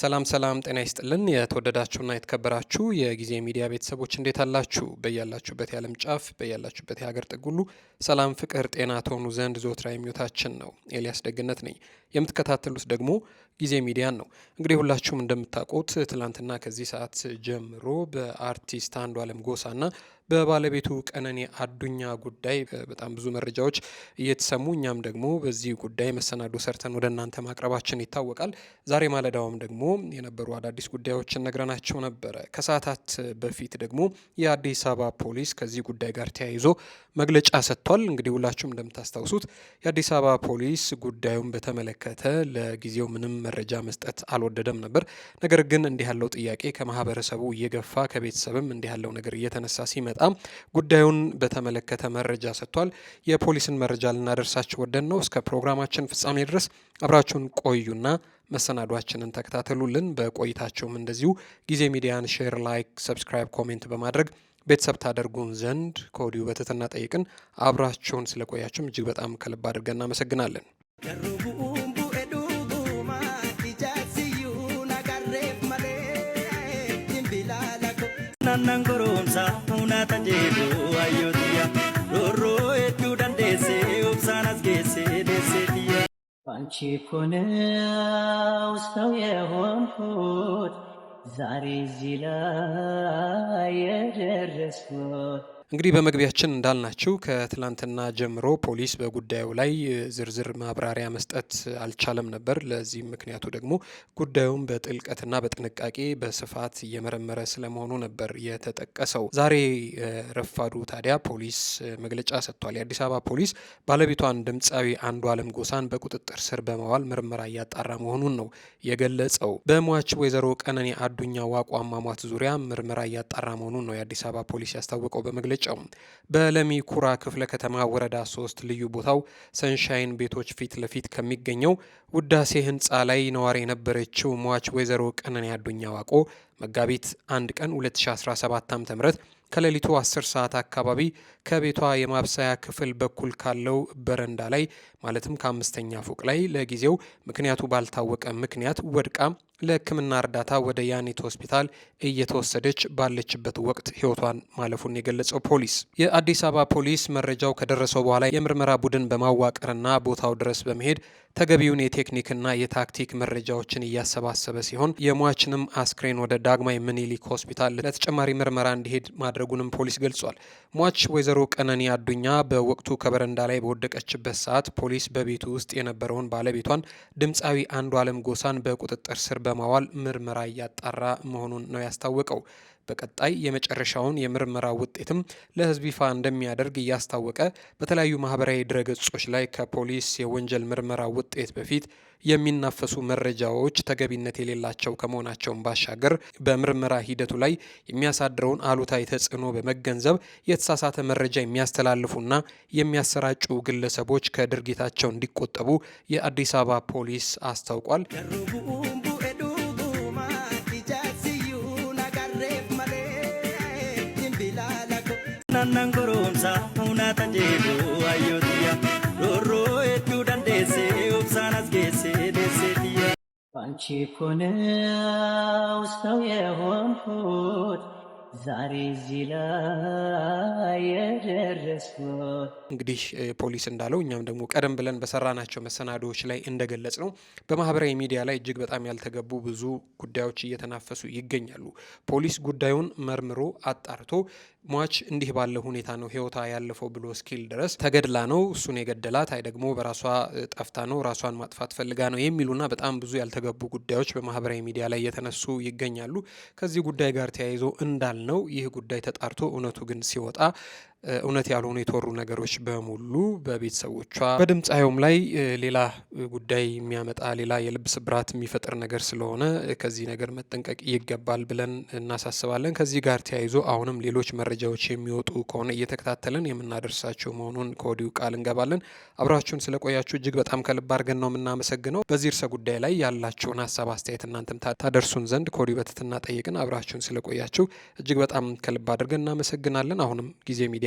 ሰላም ሰላም፣ ጤና ይስጥልን የተወደዳችሁና የተከበራችሁ የጊዜ ሚዲያ ቤተሰቦች እንዴት አላችሁ? በያላችሁበት የዓለም ጫፍ በያላችሁበት የሀገር ጥግ ሁሉ ሰላም፣ ፍቅር፣ ጤና ትሆኑ ዘንድ ዞትራ የሚወታችን ነው። ኤልያስ ደግነት ነኝ። የምትከታተሉት ደግሞ ጊዜ ሚዲያን ነው። እንግዲህ ሁላችሁም እንደምታውቁት ትላንትና ከዚህ ሰዓት ጀምሮ በአርቲስት አንዱ አለም ጎሳና በባለቤቱ ቀነኔ አዱኛ ጉዳይ በጣም ብዙ መረጃዎች እየተሰሙ እኛም ደግሞ በዚህ ጉዳይ መሰናዶ ሰርተን ወደ እናንተ ማቅረባችን ይታወቃል። ዛሬ ማለዳውም ደግሞ የነበሩ አዳዲስ ጉዳዮችን ነግረናቸው ነበረ። ከሰዓታት በፊት ደግሞ የአዲስ አበባ ፖሊስ ከዚህ ጉዳይ ጋር ተያይዞ መግለጫ ሰጥቷል። እንግዲህ ሁላችሁም እንደምታስታውሱት የአዲስ አበባ ፖሊስ ጉዳዩን በተመለከተ ለጊዜው ምንም መረጃ መስጠት አልወደደም ነበር። ነገር ግን እንዲህ ያለው ጥያቄ ከማህበረሰቡ እየገፋ ከቤተሰብም እንዲህ ያለው ነገር እየተነሳ ሲመጣ በጣም ጉዳዩን በተመለከተ መረጃ ሰጥቷል። የፖሊስን መረጃ ልናደርሳችሁ ወደን ነው። እስከ ፕሮግራማችን ፍጻሜ ድረስ አብራችሁን ቆዩና መሰናዷችንን ተከታተሉልን። በቆይታችሁም እንደዚሁ ጊዜ ሚዲያን ሼር፣ ላይክ፣ ሰብስክራይብ፣ ኮሜንት በማድረግ ቤተሰብ ታደርጉን ዘንድ ከወዲሁ በትህትና ጠይቅን። አብራችሁን ስለቆያችሁም እጅግ በጣም ከልብ አድርገን እናመሰግናለን። ናናንጎሮምሳ na tajeedu ayyootiyya roorroo hedduu dandeessee obsaan as geessee deesseetiyya አንቺ እኮ ነው ሰው የሆንኩት ዛሬ እዚህ ላይ የደረስኩት እንግዲህ በመግቢያችን እንዳልናችሁ ከትላንትና ጀምሮ ፖሊስ በጉዳዩ ላይ ዝርዝር ማብራሪያ መስጠት አልቻለም ነበር። ለዚህ ምክንያቱ ደግሞ ጉዳዩን በጥልቀትና በጥንቃቄ በስፋት እየመረመረ ስለመሆኑ ነበር የተጠቀሰው። ዛሬ ረፋዱ ታዲያ ፖሊስ መግለጫ ሰጥቷል። የአዲስ አበባ ፖሊስ ባለቤቷን ድምፃዊ አንዱ አለም ጎሳን በቁጥጥር ስር በመዋል ምርመራ እያጣራ መሆኑን ነው የገለጸው። በሟች ወይዘሮ ቀነኔ አዱኛ ዋቆ አሟሟት ዙሪያ ምርመራ እያጣራ መሆኑን ነው የአዲስ አበባ ፖሊስ ያስታወቀው በመግለጫ ገለጸው። በለሚ ኩራ ክፍለ ከተማ ወረዳ ሶስት ልዩ ቦታው ሰንሻይን ቤቶች ፊት ለፊት ከሚገኘው ውዳሴ ህንፃ ላይ ነዋሪ የነበረችው ሟች ወይዘሮ ቀነኒ አዱኛ ዋቆ መጋቢት አንድ ቀን 2017 ዓ.ም ከሌሊቱ 10 ሰዓት አካባቢ ከቤቷ የማብሰያ ክፍል በኩል ካለው በረንዳ ላይ ማለትም ከአምስተኛ ፎቅ ላይ ለጊዜው ምክንያቱ ባልታወቀ ምክንያት ወድቃ ለሕክምና እርዳታ ወደ ያኔት ሆስፒታል እየተወሰደች ባለችበት ወቅት ህይወቷን ማለፉን የገለጸው ፖሊስ የአዲስ አበባ ፖሊስ መረጃው ከደረሰው በኋላ የምርመራ ቡድን በማዋቀርና ቦታው ድረስ በመሄድ ተገቢውን የቴክኒክና የታክቲክ መረጃዎችን እያሰባሰበ ሲሆን የሟችንም አስክሬን ወደ ዳግማዊ ምኒልክ ሆስፒታል ለተጨማሪ ምርመራ እንዲሄድ ማድረጉንም ፖሊስ ገልጿል። ሟች ወይዘሮ ቀነኒ አዱኛ በወቅቱ ከበረንዳ ላይ በወደቀችበት ሰዓት ፖሊስ በቤቱ ውስጥ የነበረውን ባለቤቷን ድምፃዊ አንዱ አለም ጎሳን በቁጥጥር ስር በማዋል ምርመራ እያጣራ መሆኑን ነው ያስታወቀው። በቀጣይ የመጨረሻውን የምርመራ ውጤትም ለሕዝብ ይፋ እንደሚያደርግ እያስታወቀ በተለያዩ ማህበራዊ ድረገጾች ላይ ከፖሊስ የወንጀል ምርመራ ውጤት በፊት የሚናፈሱ መረጃዎች ተገቢነት የሌላቸው ከመሆናቸውን ባሻገር በምርመራ ሂደቱ ላይ የሚያሳድረውን አሉታዊ ተጽዕኖ በመገንዘብ የተሳሳተ መረጃ የሚያስተላልፉና የሚያሰራጩ ግለሰቦች ከድርጊታቸው እንዲቆጠቡ የአዲስ አበባ ፖሊስ አስታውቋል። aannan goromsa humnaata jeedu ayyoo xiyya roorroo hedduu dandeessee obsaan as geessee deessee xiyya. Banchi kun ustaw yehoon fuut ዛሬ እዚህ ላይ የደረስኩት እንግዲህ ፖሊስ እንዳለው እኛም ደግሞ ቀደም ብለን በሰራናቸው መሰናዶዎች ላይ እንደገለጽ ነው በማህበራዊ ሚዲያ ላይ እጅግ በጣም ያልተገቡ ብዙ ጉዳዮች እየተናፈሱ ይገኛሉ። ፖሊስ ጉዳዩን መርምሮ አጣርቶ ሟች እንዲህ ባለ ሁኔታ ነው ህይወቷ ያለፈው ብሎ እስኪል ድረስ ተገድላ ነው እሱን የገደላት አይ ደግሞ በራሷ ጠፍታ ነው ራሷን ማጥፋት ፈልጋ ነው የሚሉና በጣም ብዙ ያልተገቡ ጉዳዮች በማህበራዊ ሚዲያ ላይ እየተነሱ ይገኛሉ። ከዚህ ጉዳይ ጋር ተያይዞ እንዳል ነው። ይህ ጉዳይ ተጣርቶ እውነቱ ግን ሲወጣ እውነት ያልሆኑ የተወሩ ነገሮች በሙሉ በቤተሰቦቿ በድምፃዊውም ላይ ሌላ ጉዳይ የሚያመጣ ሌላ የልብ ስብራት የሚፈጥር ነገር ስለሆነ ከዚህ ነገር መጠንቀቅ ይገባል ብለን እናሳስባለን። ከዚህ ጋር ተያይዞ አሁንም ሌሎች መረጃዎች የሚወጡ ከሆነ እየተከታተለን የምናደርሳቸው መሆኑን ከወዲሁ ቃል እንገባለን። አብራችሁን ስለቆያችሁ እጅግ በጣም ከልብ አድርገን ነው የምናመሰግነው። በዚህ እርሰ ጉዳይ ላይ ያላችሁን ሀሳብ አስተያየት እናንተም ታደርሱን ዘንድ ከወዲሁ በትትና ጠይቅን። አብራችሁን ስለቆያችሁ እጅግ በጣም ከልብ አድርገን እናመሰግናለን። አሁንም ጊዜ ሚዲያ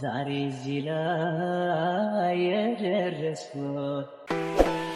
ዛሬ እዚህ ላይ የደረስኩት